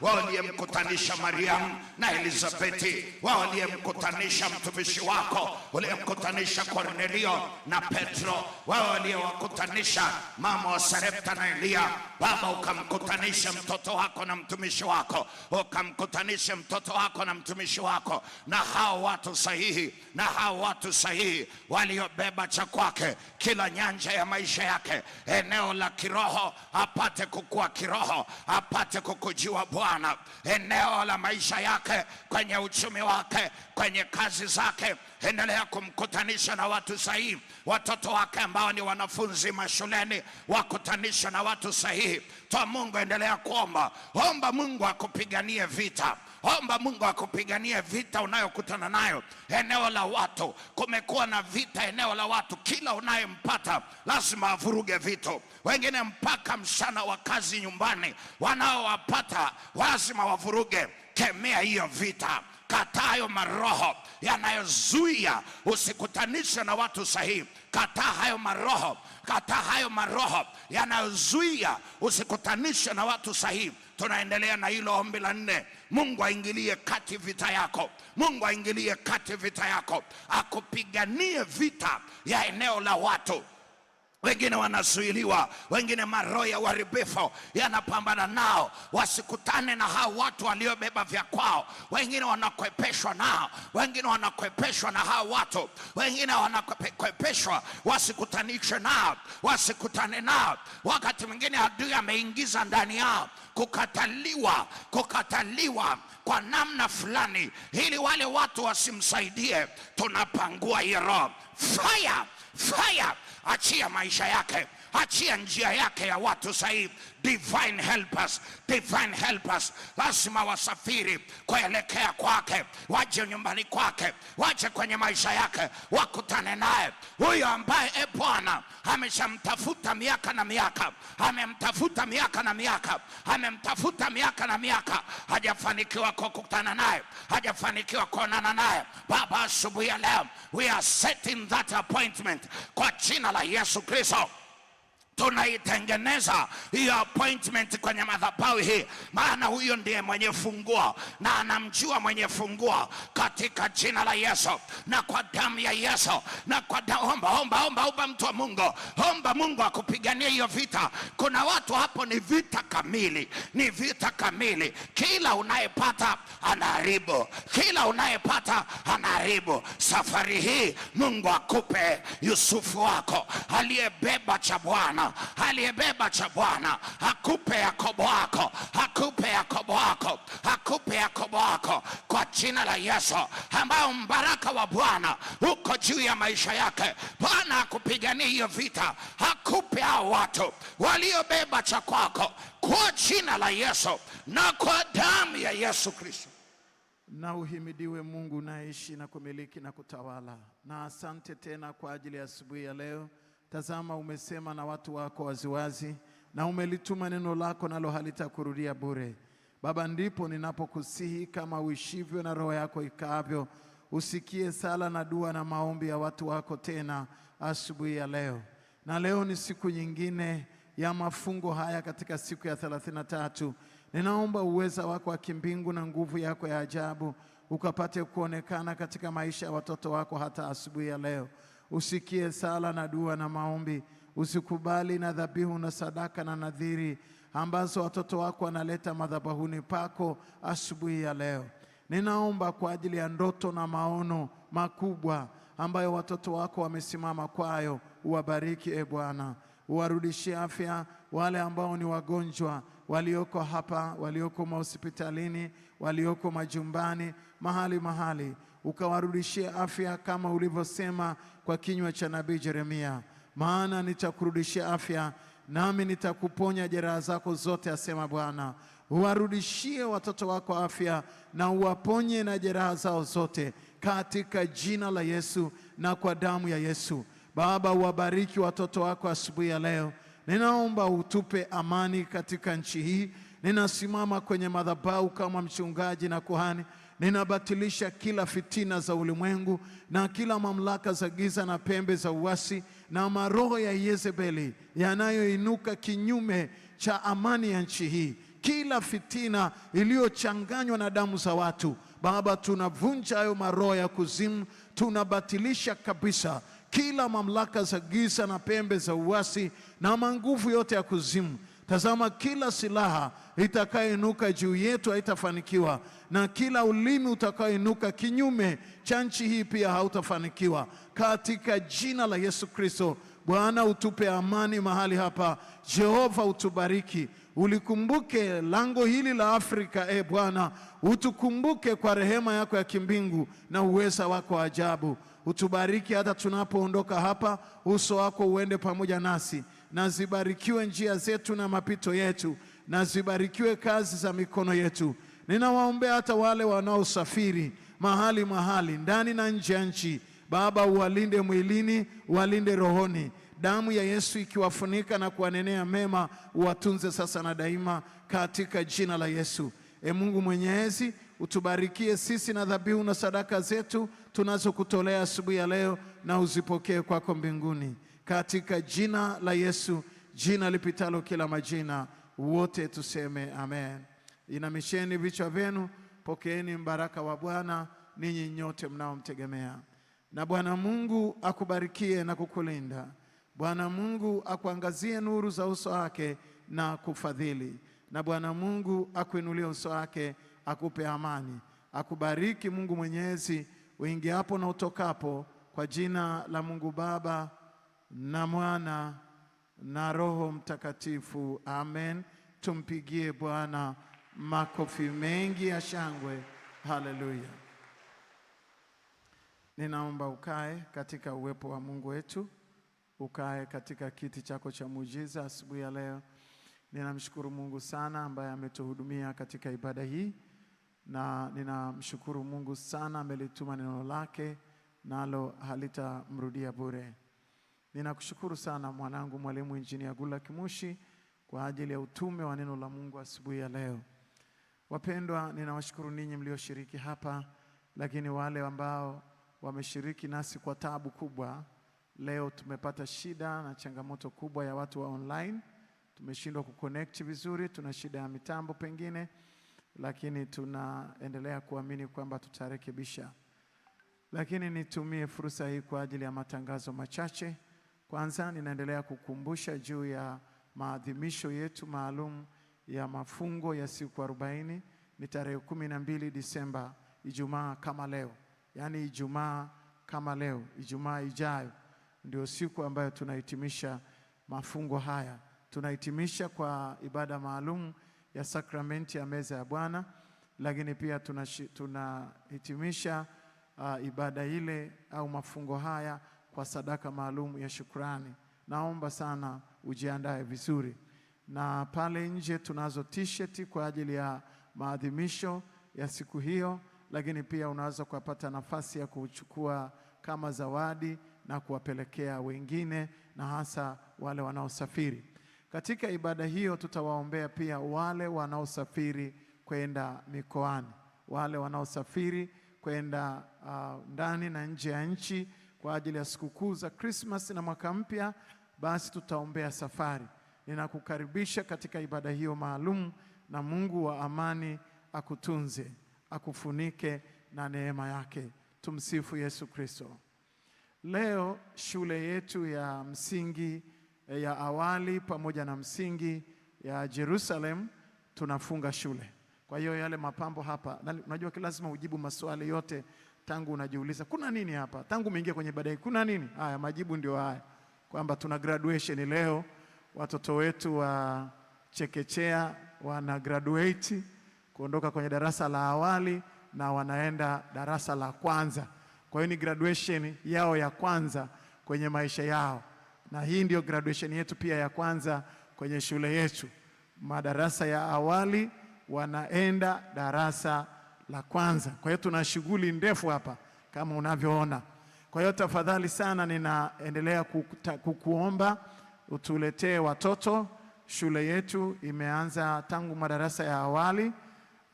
wao waliyemkutanisha Mariamu na Elizabeti, wao waliyemkutanisha mtumishi wako, waliomkutanisha Kornelio na Petro, wao waliyewakutanisha mama wa Sarepta na Eliya. Baba, ukamkutanisha mtoto wako na mtumishi wako, ukamkutanisha mtoto wako na mtumishi wako, na hao watu sahihi, na hao watu sahihi waliobeba cha kwake kila nyanja ya maisha yake, eneo la kiroho, apate kukua kiroho, apate kukujua Bwana. Bwana eneo la maisha yake, kwenye uchumi wake, kwenye kazi zake. Endelea kumkutanisha na watu sahihi. Watoto wake ambao ni wanafunzi mashuleni, wakutanisha na watu sahihi. Toa Mungu, endelea kuomba, omba Mungu akupiganie vita omba Mungu akupigania vita unayokutana nayo eneo la watu. Kumekuwa na vita eneo la watu, kila unayempata lazima avuruge vito, wengine mpaka mchana wa kazi nyumbani, wanaowapata lazima wavuruge. Kemea hiyo vita, katayo maroho yanayozuia usikutanishe na watu sahihi. Kataa hayo maroho, kataa hayo maroho yanayozuia usikutanishe na watu sahihi. Tunaendelea na hilo ombi la nne. Mungu aingilie kati vita yako, Mungu aingilie kati vita yako, akupiganie vita ya eneo la watu wengine wanazuiliwa, wengine maroho ya uharibifu yanapambana nao wasikutane na hao watu waliobeba vya kwao. Wengine wanakwepeshwa nao, wengine wanakwepeshwa na hao watu, wengine wanakwepeshwa wasikutanishwe nao, wasikutane nao. Wakati mwingine adui ameingiza ndani yao kukataliwa, kukataliwa kwa namna fulani, ili wale watu wasimsaidie. Tunapangua hiyo roho, fire fire achia maisha yake achia njia yake ya watu sahihi. Divine helpers, divine helpers lazima wasafiri kuelekea kwake, waje nyumbani kwake, waje kwenye maisha yake, wakutane naye huyo ambaye e Bwana ameshamtafuta miaka na miaka, amemtafuta miaka na miaka, amemtafuta miaka na miaka, hajafanikiwa kukutana naye, hajafanikiwa kuonana naye. Baba, asubuhi ya leo we are setting that appointment kwa jina la Yesu Kristo tunaitengeneza hiyo appointment kwenye madhabahu hii, maana huyo ndiye mwenye funguo na anamjua mwenye funguo, katika jina la Yesu na kwa damu ya Yesu na kwa da... omba, omba, omba, omba mtu wa Mungu, omba Mungu akupigania hiyo vita. Kuna watu hapo ni vita kamili, ni vita kamili. Kila unayepata anaharibu, kila unayepata anaharibu. Safari hii Mungu akupe Yusufu wako aliyebeba cha Bwana aliyebeba cha Bwana hakupe Yakobo wako, akupe Yakobo wako, akupe Yakobo wako, kwa jina la Yesu, ambao mbaraka wa Bwana uko juu ya maisha yake. Bwana hakupigania hiyo vita, hakupe hao watu waliobeba cha kwako, kwa jina la Yesu na kwa damu ya Yesu Kristo. Na uhimidiwe Mungu unaishi na kumiliki na kutawala. Na asante tena kwa ajili ya asubuhi ya leo. Tazama, umesema na watu wako waziwazi, na umelituma neno lako, nalo halitakurudia bure. Baba, ndipo ninapokusihi kama uishivyo na roho yako ikaavyo, usikie sala na dua na maombi ya watu wako tena asubuhi ya leo. Na leo ni siku nyingine ya mafungo haya katika siku ya thelathini na tatu. Ninaomba uweza wako wa kimbingu na nguvu yako ya ajabu ukapate kuonekana katika maisha ya watoto wako hata asubuhi ya leo usikie sala na dua na maombi. Usikubali na dhabihu na sadaka na nadhiri ambazo watoto wako wanaleta madhabahuni pako asubuhi ya leo. Ninaomba kwa ajili ya ndoto na maono makubwa ambayo watoto wako wamesimama kwayo, uwabariki e Bwana, uwarudishie afya wale ambao ni wagonjwa walioko hapa, walioko mahospitalini, walioko majumbani, mahali mahali ukawarudishia afya kama ulivyosema kwa kinywa cha nabii jeremia maana nitakurudishia afya nami nitakuponya jeraha zako zote, asema Bwana. Uwarudishie watoto wako afya na uwaponye na jeraha zao zote, katika jina la Yesu na kwa damu ya Yesu. Baba, uwabariki watoto wako asubuhi ya leo. Ninaomba utupe amani katika nchi hii. Ninasimama kwenye madhabahu kama mchungaji na kuhani Ninabatilisha kila fitina za ulimwengu na kila mamlaka za giza na pembe za uasi na maroho ya Yezebeli yanayoinuka kinyume cha amani ya nchi hii, kila fitina iliyochanganywa na damu za watu. Baba, tunavunja hayo maroho ya kuzimu, tunabatilisha kabisa kila mamlaka za giza na pembe za uasi na manguvu yote ya kuzimu Tazama, kila silaha itakayoinuka juu yetu haitafanikiwa, na kila ulimi utakayoinuka kinyume cha nchi hii pia hautafanikiwa, katika jina la Yesu Kristo. Bwana, utupe amani mahali hapa. Jehova, utubariki, ulikumbuke lango hili la Afrika. E Bwana, utukumbuke kwa rehema yako ya kimbingu na uweza wako ajabu. Utubariki hata tunapoondoka hapa, uso wako uende pamoja nasi na zibarikiwe njia zetu na mapito yetu, na zibarikiwe kazi za mikono yetu. Ninawaombea hata wale wanaosafiri mahali mahali, ndani na nje ya nchi. Baba, uwalinde mwilini, uwalinde rohoni damu ya Yesu ikiwafunika na kuwanenea mema, uwatunze sasa na daima, katika jina la Yesu. E Mungu Mwenyezi, utubarikie sisi na dhabihu na sadaka zetu tunazokutolea asubuhi ya leo, na uzipokee kwako mbinguni katika jina la Yesu, jina lipitalo kila majina, wote tuseme amen. Inamisheni vichwa vyenu, pokeeni mbaraka wa Bwana ninyi nyote mnaomtegemea. Na Bwana Mungu akubarikie na kukulinda. Bwana Mungu akuangazie nuru za uso wake na kufadhili. Na Bwana Mungu akuinulie uso wake akupe amani. Akubariki Mungu Mwenyezi uingiapo na utokapo, kwa jina la Mungu Baba na Mwana na Roho Mtakatifu. Amen. Tumpigie Bwana makofi mengi ya shangwe. Haleluya. Ninaomba ukae katika uwepo wa Mungu wetu, ukae katika kiti chako cha muujiza asubuhi ya leo. Ninamshukuru Mungu sana ambaye ametuhudumia katika ibada hii, na ninamshukuru Mungu sana amelituma neno lake, nalo halitamrudia bure. Ninakushukuru sana mwanangu mwalimu injinia Gula Kimushi kwa ajili ya utume wa neno la Mungu asubuhi ya leo. Wapendwa, ninawashukuru ninyi mlioshiriki hapa, lakini wale ambao wameshiriki nasi kwa taabu kubwa. Leo tumepata shida na changamoto kubwa ya watu wa online, tumeshindwa kuconnect vizuri, tuna shida ya mitambo pengine, lakini tunaendelea kuamini kwamba tutarekebisha. Lakini nitumie fursa hii kwa ajili ya matangazo machache. Kwanza ninaendelea kukumbusha juu ya maadhimisho yetu maalum ya mafungo ya siku arobaini. Ni tarehe kumi na mbili Disemba, Ijumaa kama leo, yaani Ijumaa kama leo, Ijumaa ijayo ndio siku ambayo tunahitimisha mafungo haya. Tunahitimisha kwa ibada maalum ya sakramenti ya meza ya Bwana, lakini pia tunahitimisha tuna uh, ibada ile au mafungo haya kwa sadaka maalum ya shukrani. Naomba sana ujiandae vizuri, na pale nje tunazo t-shirt kwa ajili ya maadhimisho ya siku hiyo, lakini pia unaweza kupata nafasi ya kuchukua kama zawadi na kuwapelekea wengine na hasa wale wanaosafiri. Katika ibada hiyo tutawaombea pia wale wanaosafiri kwenda mikoani, wale wanaosafiri kwenda uh, ndani na nje ya nchi kwa ajili ya sikukuu za Krismas na mwaka mpya, basi tutaombea safari. Ninakukaribisha katika ibada hiyo maalum, na Mungu wa amani akutunze, akufunike na neema yake. Tumsifu Yesu Kristo. Leo shule yetu ya msingi eh, ya awali pamoja na msingi ya Jerusalem tunafunga shule. Kwa hiyo yale mapambo hapa, unajua lazima ujibu maswali yote tangu unajiuliza kuna nini hapa, tangu umeingia kwenye ibada hii kuna nini? Haya, majibu ndio haya, kwamba tuna graduation leo, watoto wetu wa chekechea wana graduate kuondoka kwenye darasa la awali na wanaenda darasa la kwanza. Kwa hiyo ni graduation yao ya kwanza kwenye maisha yao, na hii ndio graduation yetu pia ya kwanza kwenye shule yetu. Madarasa ya awali wanaenda darasa la kwanza. Kwa hiyo tuna shughuli ndefu hapa kama unavyoona. Kwa hiyo tafadhali sana, ninaendelea kukuta, kukuomba utuletee watoto. Shule yetu imeanza tangu madarasa ya awali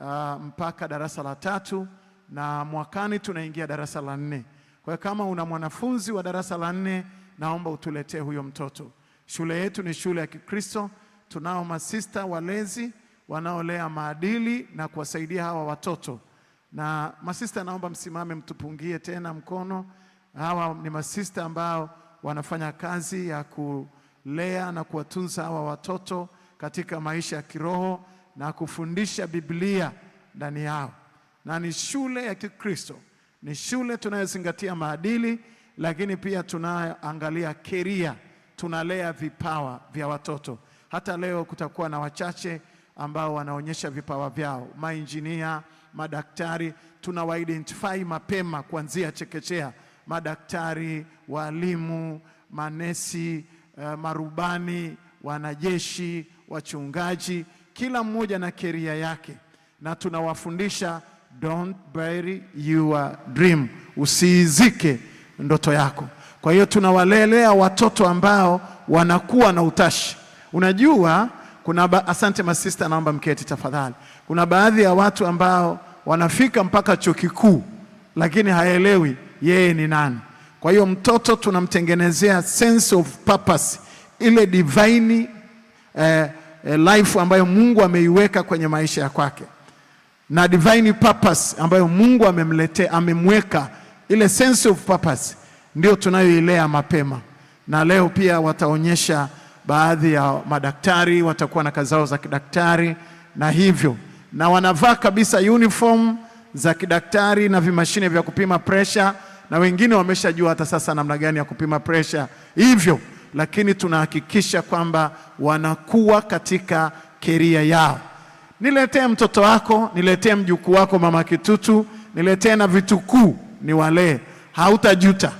uh, mpaka darasa la tatu na mwakani tunaingia darasa la nne. Kwa hiyo kama una mwanafunzi wa darasa la nne, naomba utuletee huyo mtoto. Shule yetu ni shule ya Kikristo. Tunao masista walezi wanaolea maadili na kuwasaidia hawa watoto na masista, naomba msimame mtupungie tena mkono. Hawa ni masista ambao wanafanya kazi ya kulea na kuwatunza hawa watoto katika maisha ya kiroho na kufundisha Biblia ndani yao, na ni shule ya Kikristo, ni shule tunayozingatia maadili, lakini pia tunaangalia keria, tunalea vipawa vya watoto. Hata leo kutakuwa na wachache ambao wanaonyesha vipawa vyao, mainjinia madaktari tunawaidentify mapema kuanzia chekechea, madaktari, walimu, manesi, uh, marubani, wanajeshi, wachungaji, kila mmoja na keria yake, na tunawafundisha don't bury your dream, usiizike ndoto yako. Kwa hiyo tunawalelea watoto ambao wanakuwa na utashi. Unajua kuna ba... asante masista, naomba mketi tafadhali. Kuna baadhi ya watu ambao wanafika mpaka chuo kikuu, lakini haelewi yeye ni nani. Kwa hiyo mtoto tunamtengenezea sense of purpose, ile divine eh, eh life ambayo Mungu ameiweka kwenye maisha ya kwake na divine purpose ambayo Mungu amemletea amemweka, ile sense of purpose ndio tunayoilea mapema. Na leo pia wataonyesha baadhi ya madaktari watakuwa na kazi zao za kidaktari na hivyo na wanavaa kabisa uniform za kidaktari na vimashine vya kupima presha, na wengine wameshajua hata sasa namna gani ya kupima presha hivyo, lakini tunahakikisha kwamba wanakuwa katika keria yao. Niletee mtoto wako, niletee mjukuu wako, mama kitutu, niletee na vitukuu, ni walee, hautajuta.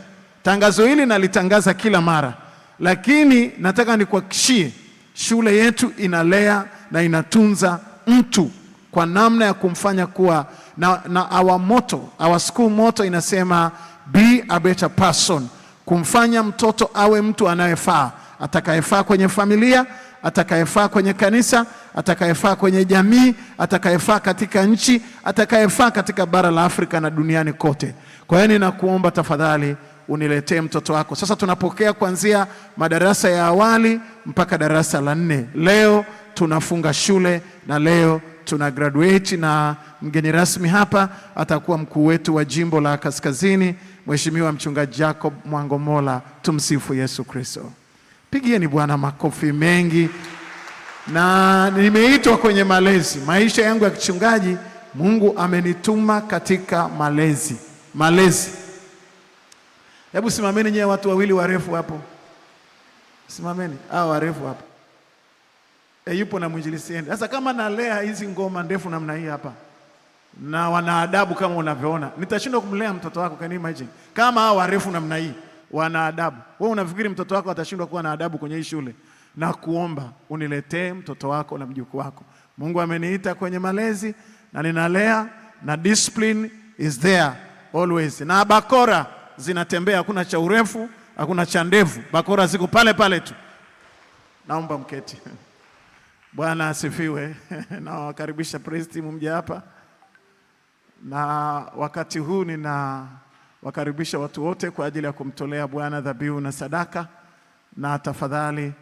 Tangazo hili nalitangaza kila mara, lakini nataka nikuhakikishie, shule yetu inalea na inatunza mtu kwa namna ya kumfanya kuwa na, na our motto, our school motto inasema be a better person, kumfanya mtoto awe mtu anayefaa, atakayefaa kwenye familia, atakayefaa kwenye kanisa, atakayefaa kwenye jamii, atakayefaa katika nchi, atakayefaa katika bara la Afrika na duniani kote. Kwa hiyo ninakuomba tafadhali uniletee mtoto wako. Sasa tunapokea kuanzia madarasa ya awali mpaka darasa la nne. Leo tunafunga shule na leo tuna graduate na mgeni rasmi hapa atakuwa mkuu wetu wa jimbo la Kaskazini, Mheshimiwa Mchungaji Jacob Mwangomola. Tumsifu Yesu Kristo. Pigieni Bwana makofi mengi. Na nimeitwa kwenye malezi, maisha yangu ya kichungaji, Mungu amenituma katika malezi. Malezi, hebu simameni nyewe, watu wawili warefu hapo, simameni hao warefu hapo e, yupo na mwinjilisi end. Sasa kama nalea hizi ngoma ndefu namna hii hapa na wanaadabu kama unavyoona, nitashindwa kumlea mtoto wako? Can you imagine kama hao warefu namna hii wanaadabu, adabu? Wewe unafikiri mtoto wako atashindwa kuwa na adabu kwenye hii shule? Na kuomba uniletee mtoto wako na mjukuu wako. Mungu ameniita kwenye malezi na ninalea na discipline is there always, na bakora zinatembea, hakuna cha urefu, hakuna cha ndevu, bakora ziko pale pale tu. Naomba mketi. Bwana asifiwe. Nawakaribisha praise team mje hapa, na wakati huu ninawakaribisha watu wote kwa ajili ya kumtolea Bwana dhabihu na sadaka. Na tafadhali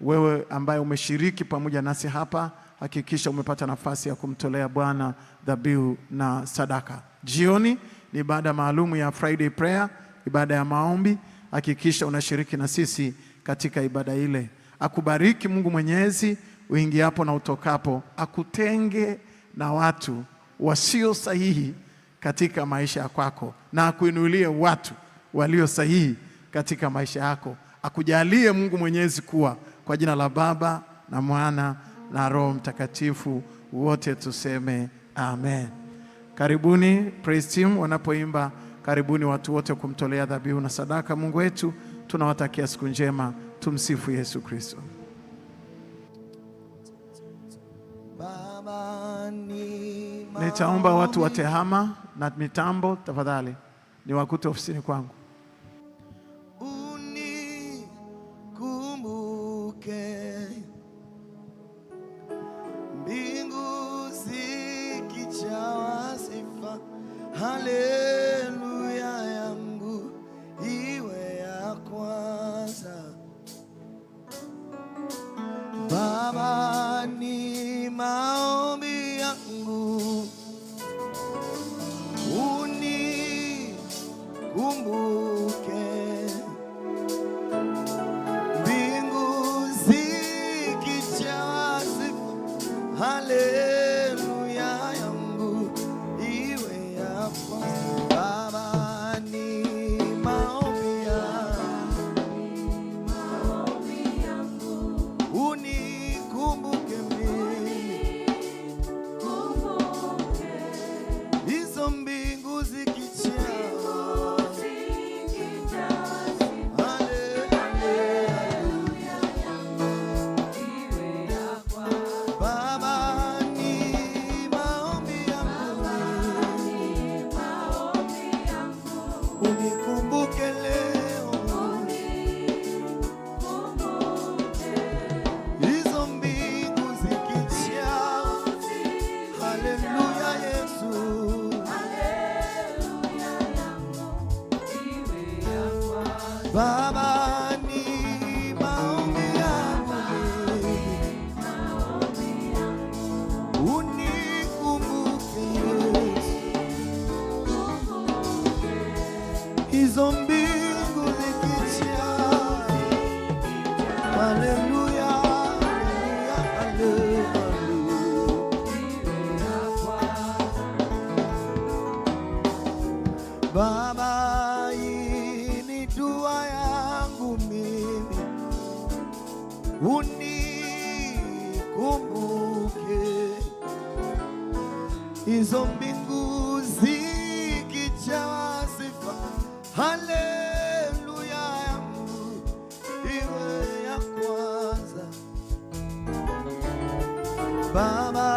wewe ambaye umeshiriki pamoja nasi hapa, hakikisha umepata nafasi ya kumtolea Bwana dhabihu na sadaka. Jioni ni ibada maalum ya Friday prayer, ibada ya maombi. Hakikisha unashiriki na sisi katika ibada ile. Akubariki Mungu Mwenyezi uingiapo na utokapo, akutenge na watu wasio sahihi katika maisha ya kwako, na akuinulie watu walio sahihi katika maisha yako. Akujalie Mungu Mwenyezi kuwa, kwa jina la Baba na Mwana na Roho Mtakatifu, wote tuseme amen. Karibuni praise team, wanapoimba karibuni watu wote kumtolea dhabihu na sadaka Mungu wetu. Tunawatakia siku njema. Tumsifu Yesu Kristo. Nitaomba watu wa tehama na mitambo, tafadhali niwakute ofisini kwangu. Zombie. iwe ya kwanza Baba